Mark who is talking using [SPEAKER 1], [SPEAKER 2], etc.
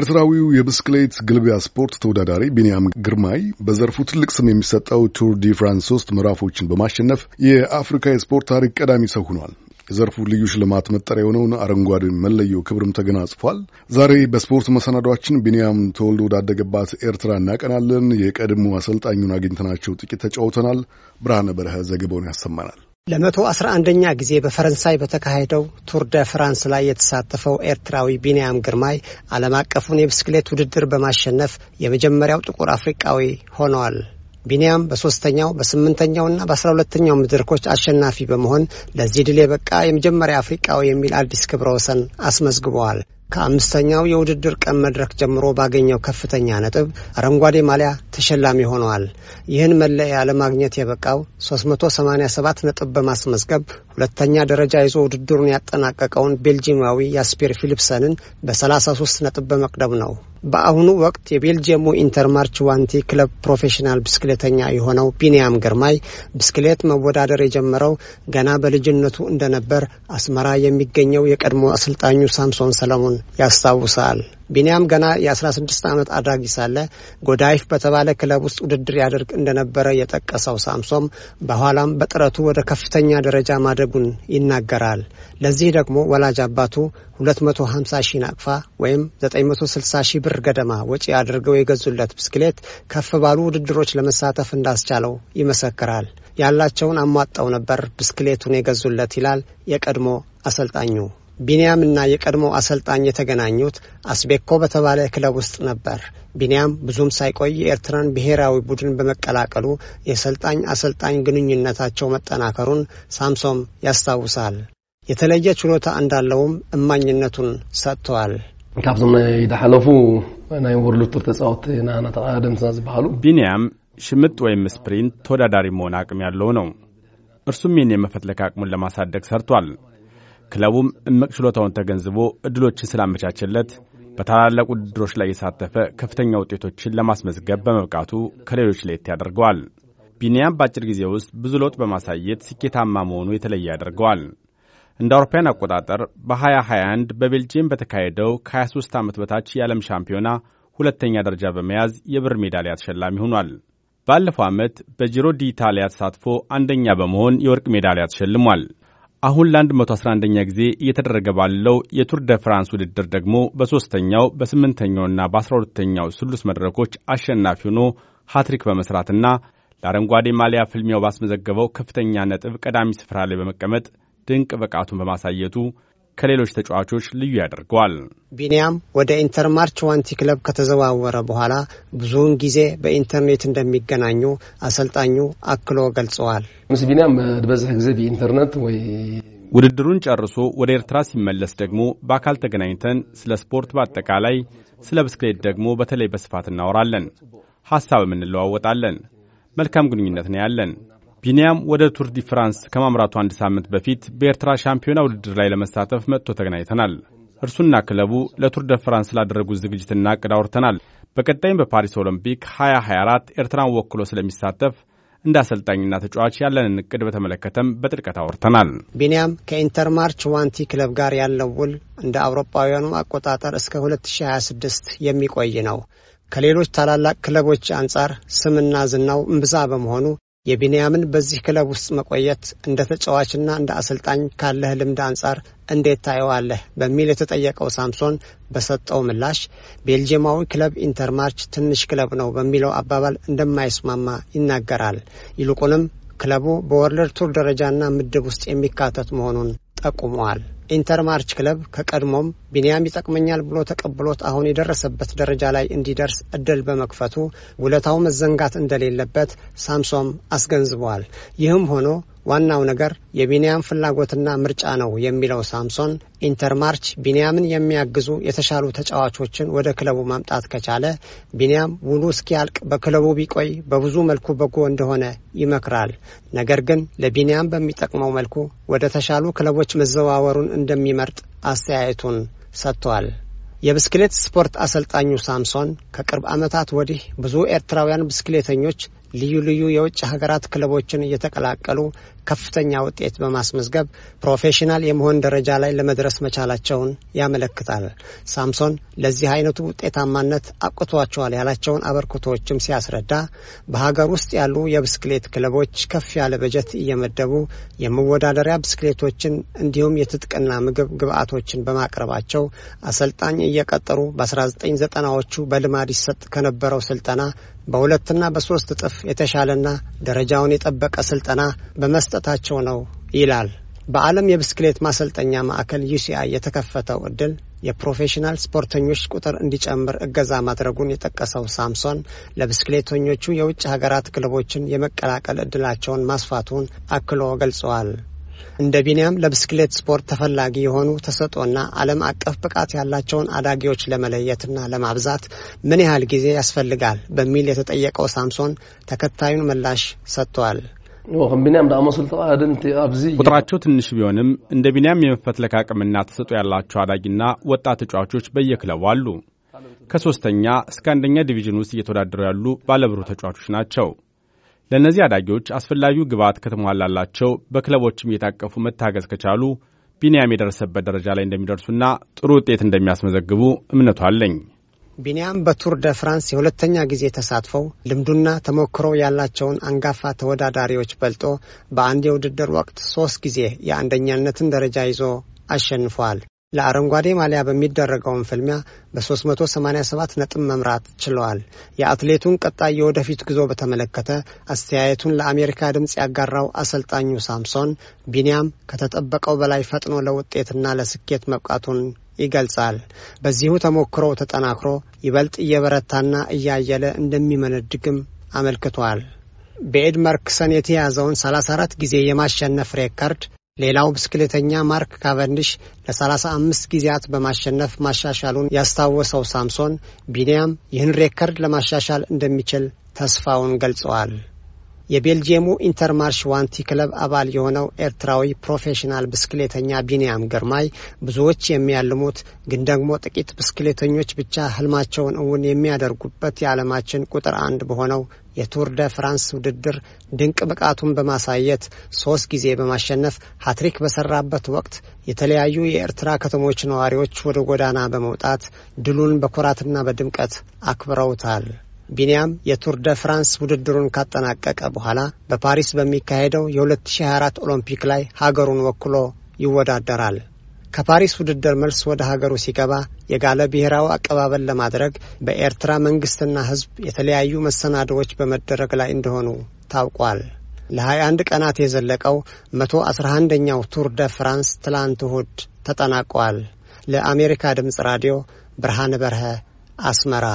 [SPEAKER 1] ኤርትራዊው የብስክሌት ግልቢያ ስፖርት ተወዳዳሪ ቢንያም ግርማይ በዘርፉ ትልቅ ስም የሚሰጠው ቱር ዲ ፍራንስ ሶስት ምዕራፎችን በማሸነፍ የአፍሪካ የስፖርት ታሪክ ቀዳሚ ሰው ሆኗል። የዘርፉ ልዩ ሽልማት መጠሪያ የሆነውን አረንጓዴ መለዮ ክብርም ተገናጽፏል። ዛሬ በስፖርት መሰናዷችን ቢንያም ተወልዶ ወዳደገባት ኤርትራ እናቀናለን። የቀድሞ አሰልጣኙን አግኝተናቸው ጥቂት ተጫውተናል። ብርሃነ በረኸ ዘገባውን ያሰማናል።
[SPEAKER 2] ለመቶ አስራ አንደኛ ጊዜ በፈረንሳይ በተካሄደው ቱር ደ ፍራንስ ላይ የተሳተፈው ኤርትራዊ ቢንያም ግርማይ ዓለም አቀፉን የብስክሌት ውድድር በማሸነፍ የመጀመሪያው ጥቁር አፍሪቃዊ ሆነዋል። ቢንያም በሶስተኛው በስምንተኛውና በአስራ ሁለተኛው መድረኮች አሸናፊ በመሆን ለዚህ ድል የበቃ የመጀመሪያ አፍሪቃዊ የሚል አዲስ ክብረ ወሰን አስመዝግበዋል። ከአምስተኛው የውድድር ቀን መድረክ ጀምሮ ባገኘው ከፍተኛ ነጥብ አረንጓዴ ማሊያ ተሸላሚ ሆነዋል። ይህን መለያ ለማግኘት የበቃው 387 ነጥብ በማስመዝገብ ሁለተኛ ደረጃ ይዞ ውድድሩን ያጠናቀቀውን ቤልጂማዊ ያስፔር ፊሊፕሰንን በ33 ነጥብ በመቅደም ነው። በአሁኑ ወቅት የቤልጅየሙ ኢንተርማርች ዋንቲ ክለብ ፕሮፌሽናል ብስክሌተኛ የሆነው ቢንያም ግርማይ ብስክሌት መወዳደር የጀመረው ገና በልጅነቱ እንደነበር አስመራ የሚገኘው የቀድሞ አሰልጣኙ ሳምሶን ሰለሞን ያስታውሳል። ቢንያም ገና የ16 ዓመት አዳጊ ሳለ ጎዳይፍ በተባለ ክለብ ውስጥ ውድድር ያደርግ እንደነበረ የጠቀሰው ሳምሶም በኋላም በጥረቱ ወደ ከፍተኛ ደረጃ ማደጉን ይናገራል። ለዚህ ደግሞ ወላጅ አባቱ 250 ሺህ ናቅፋ ወይም 960 ሺህ ብር ገደማ ወጪ አድርገው የገዙለት ብስክሌት ከፍ ባሉ ውድድሮች ለመሳተፍ እንዳስቻለው ይመሰክራል። ያላቸውን አሟጠው ነበር ብስክሌቱን የገዙለት ይላል የቀድሞ አሰልጣኙ። እና የቀድሞ አሰልጣኝ የተገናኙት አስቤኮ በተባለ ክለብ ውስጥ ነበር። ቢንያም ብዙም ሳይቆይ የኤርትራን ብሔራዊ ቡድን በመቀላቀሉ የሰልጣኝ አሰልጣኝ ግንኙነታቸው መጠናከሩን ሳምሶም ያስታውሳል። የተለየ ችሎታ እንዳለውም እማኝነቱን ሰጥተዋል። ካብዞም ናይ ዳሓለፉ ናይ ወርልድ ቱር ተፃወቲ ንኣና ዝበሃሉ
[SPEAKER 1] ቢንያም ሽምጥ ወይም ስፕሪንት ተወዳዳሪ መሆን አቅም ያለው ነው። እርሱም ይህን የመፈትለክ አቅሙን ለማሳደግ ሰርቷል። ክለቡም እምቅ ችሎታውን ተገንዝቦ እድሎችን ስላመቻችለት በታላላቅ ውድድሮች ላይ የተሳተፈ ከፍተኛ ውጤቶችን ለማስመዝገብ በመብቃቱ ከሌሎች ለየት ያደርገዋል። ቢኒያም በአጭር ጊዜ ውስጥ ብዙ ለውጥ በማሳየት ስኬታማ መሆኑ የተለየ ያደርገዋል። እንደ አውሮፓውያን አቆጣጠር በ2021 በቤልጅየም በተካሄደው ከ23 ዓመት በታች የዓለም ሻምፒዮና ሁለተኛ ደረጃ በመያዝ የብር ሜዳሊያ ተሸላሚ ሆኗል። ባለፈው ዓመት በጂሮ ዲኢታሊያ ተሳትፎ አንደኛ በመሆን የወርቅ ሜዳሊያ ተሸልሟል። አሁን ለ111ኛ ጊዜ እየተደረገ ባለው የቱር ደ ፍራንስ ውድድር ደግሞ በሦስተኛው በስምንተኛውና በ12ተኛው ስሉስ መድረኮች አሸናፊ ሆኖ ሀትሪክ በመስራትና ለአረንጓዴ ማሊያ ፍልሚያው ባስመዘገበው ከፍተኛ ነጥብ ቀዳሚ ስፍራ ላይ በመቀመጥ ድንቅ ብቃቱን በማሳየቱ ከሌሎች ተጫዋቾች ልዩ ያደርገዋል።
[SPEAKER 2] ቢኒያም ወደ ኢንተር ማርች ዋንቲ ክለብ ከተዘዋወረ በኋላ ብዙውን ጊዜ በኢንተርኔት እንደሚገናኙ አሰልጣኙ አክሎ ገልጸዋል። ምስ ቢኒያም በበዝሕ ጊዜ ብኢንተርኔት ወይ
[SPEAKER 1] ውድድሩን ጨርሶ ወደ ኤርትራ ሲመለስ ደግሞ በአካል ተገናኝተን ስለ ስፖርት በአጠቃላይ፣ ስለ ብስክሌት ደግሞ በተለይ በስፋት እናወራለን። ሐሳብም እንለዋወጣለን። መልካም ግንኙነት ነው ያለን። ቢኒያም ወደ ቱር ዲ ፍራንስ ከማምራቱ አንድ ሳምንት በፊት በኤርትራ ሻምፒዮና ውድድር ላይ ለመሳተፍ መጥቶ ተገናኝተናል። እርሱና ክለቡ ለቱር ደ ፍራንስ ስላደረጉት ዝግጅትና እቅድ አውርተናል። በቀጣይም በፓሪስ ኦሎምፒክ 2024 ኤርትራን ወክሎ ስለሚሳተፍ እንደ አሰልጣኝና ተጫዋች ያለንን እቅድ በተመለከተም በጥልቀት አውርተናል።
[SPEAKER 2] ቢኒያም ከኢንተርማርች ዋንቲ ክለብ ጋር ያለው ውል እንደ አውሮፓውያኑ አቆጣጠር እስከ 2026 የሚቆይ ነው። ከሌሎች ታላላቅ ክለቦች አንጻር ስምና ዝናው እምብዛ በመሆኑ የቢንያምን በዚህ ክለብ ውስጥ መቆየት እንደ ተጫዋችና እንደ አሰልጣኝ ካለህ ልምድ አንጻር እንዴት ታየዋለህ? በሚል የተጠየቀው ሳምሶን በሰጠው ምላሽ ቤልጅየማዊ ክለብ ኢንተርማርች ትንሽ ክለብ ነው በሚለው አባባል እንደማይስማማ ይናገራል። ይልቁንም ክለቡ በወርልድ ቱር ደረጃና ምድብ ውስጥ የሚካተት መሆኑን ጠቁመዋል። ኢንተርማርች ክለብ ከቀድሞም ቢንያም ይጠቅመኛል ብሎ ተቀብሎት አሁን የደረሰበት ደረጃ ላይ እንዲደርስ እድል በመክፈቱ ውለታው መዘንጋት እንደሌለበት ሳምሶም አስገንዝበዋል። ይህም ሆኖ ዋናው ነገር የቢንያም ፍላጎትና ምርጫ ነው የሚለው ሳምሶን ኢንተርማርች ቢንያምን የሚያግዙ የተሻሉ ተጫዋቾችን ወደ ክለቡ ማምጣት ከቻለ ቢንያም ውሉ እስኪያልቅ በክለቡ ቢቆይ በብዙ መልኩ በጎ እንደሆነ ይመክራል። ነገር ግን ለቢንያም በሚጠቅመው መልኩ ወደ ተሻሉ ክለቦች መዘዋወሩን እንደሚመርጥ አስተያየቱን ሰጥቷል። የብስክሌት ስፖርት አሰልጣኙ ሳምሶን ከቅርብ ዓመታት ወዲህ ብዙ ኤርትራውያን ብስክሌተኞች ልዩ ልዩ የውጭ ሀገራት ክለቦችን እየተቀላቀሉ ከፍተኛ ውጤት በማስመዝገብ ፕሮፌሽናል የመሆን ደረጃ ላይ ለመድረስ መቻላቸውን ያመለክታል። ሳምሶን ለዚህ አይነቱ ውጤታማነት አብቅቷቸዋል ያላቸውን አበርክቶዎችም ሲያስረዳ በሀገር ውስጥ ያሉ የብስክሌት ክለቦች ከፍ ያለ በጀት እየመደቡ የመወዳደሪያ ብስክሌቶችን እንዲሁም የትጥቅና ምግብ ግብዓቶችን በማቅረባቸው አሰልጣኝ እየቀጠሩ በ1990ዎቹ በልማድ ይሰጥ ከነበረው ስልጠና በሁለትና በሶስት እጥፍ የተሻለና ደረጃውን የጠበቀ ስልጠና በመስ መስጠታቸው ነው ይላል። በዓለም የብስክሌት ማሰልጠኛ ማዕከል ዩሲአይ የተከፈተው እድል የፕሮፌሽናል ስፖርተኞች ቁጥር እንዲጨምር እገዛ ማድረጉን የጠቀሰው ሳምሶን ለብስክሌተኞቹ የውጭ ሀገራት ክለቦችን የመቀላቀል እድላቸውን ማስፋቱን አክሎ ገልጸዋል። እንደ ቢንያም ለብስክሌት ስፖርት ተፈላጊ የሆኑ ተሰጥኦና ዓለም አቀፍ ብቃት ያላቸውን አዳጊዎች ለመለየትና ለማብዛት ምን ያህል ጊዜ ያስፈልጋል በሚል የተጠየቀው ሳምሶን ተከታዩን ምላሽ ሰጥቷል።
[SPEAKER 1] ቁጥራቸው ትንሽ ቢሆንም እንደ ቢንያም የመፈትለክ አቅምና ተሰጥኦ ያላቸው አዳጊና ወጣት ተጫዋቾች በየክለቡ አሉ። ከሶስተኛ እስከ አንደኛ ዲቪዥን ውስጥ እየተወዳደሩ ያሉ ባለብሩህ ተጫዋቾች ናቸው። ለእነዚህ አዳጊዎች አስፈላጊው ግብዓት ከተሟላላቸው በክለቦችም እየታቀፉ መታገዝ ከቻሉ ቢንያም የደረሰበት ደረጃ ላይ እንደሚደርሱና ጥሩ ውጤት እንደሚያስመዘግቡ እምነቱ አለኝ።
[SPEAKER 2] ቢኒያም በቱር ደ ፍራንስ የሁለተኛ ጊዜ ተሳትፈው ልምዱና ተሞክሮ ያላቸውን አንጋፋ ተወዳዳሪዎች በልጦ በአንድ የውድድር ወቅት ሶስት ጊዜ የአንደኛነትን ደረጃ ይዞ አሸንፏል። ለአረንጓዴ ማሊያ በሚደረገውን ፍልሚያ በ387 ነጥብ መምራት ችለዋል። የአትሌቱን ቀጣይ የወደፊት ጉዞ በተመለከተ አስተያየቱን ለአሜሪካ ድምፅ ያጋራው አሰልጣኙ ሳምሶን ቢኒያም ከተጠበቀው በላይ ፈጥኖ ለውጤትና ለስኬት መብቃቱን ይገልጻል። በዚሁ ተሞክሮ ተጠናክሮ ይበልጥ እየበረታና እያየለ እንደሚመነድግም አመልክቷል። በኤድ መርክሰን የተያዘውን 34 ጊዜ የማሸነፍ ሬከርድ ሌላው ብስክሌተኛ ማርክ ካቨንድሽ ለ35 ጊዜያት በማሸነፍ ማሻሻሉን ያስታወሰው ሳምሶን ቢንያም ይህን ሬከርድ ለማሻሻል እንደሚችል ተስፋውን ገልጸዋል። የቤልጅየሙ ኢንተርማርሽ ዋንቲ ክለብ አባል የሆነው ኤርትራዊ ፕሮፌሽናል ብስክሌተኛ ቢንያም ግርማይ ብዙዎች የሚያልሙት ግን ደግሞ ጥቂት ብስክሌተኞች ብቻ ህልማቸውን እውን የሚያደርጉበት የዓለማችን ቁጥር አንድ በሆነው የቱር ደ ፍራንስ ውድድር ድንቅ ብቃቱን በማሳየት ሶስት ጊዜ በማሸነፍ ሀትሪክ በሰራበት ወቅት የተለያዩ የኤርትራ ከተሞች ነዋሪዎች ወደ ጎዳና በመውጣት ድሉን በኩራትና በድምቀት አክብረውታል። ቢንያም የቱር ደ ፍራንስ ውድድሩን ካጠናቀቀ በኋላ በፓሪስ በሚካሄደው የ2024 ኦሎምፒክ ላይ ሀገሩን ወክሎ ይወዳደራል። ከፓሪስ ውድድር መልስ ወደ ሀገሩ ሲገባ የጋለ ብሔራዊ አቀባበል ለማድረግ በኤርትራ መንግስትና ሕዝብ የተለያዩ መሰናዶዎች በመደረግ ላይ እንደሆኑ ታውቋል። ለ21 ቀናት የዘለቀው 111ኛው ቱር ደ ፍራንስ ትላንት እሁድ ተጠናቋል። ለአሜሪካ ድምፅ ራዲዮ ብርሃን በርሀ አስመራ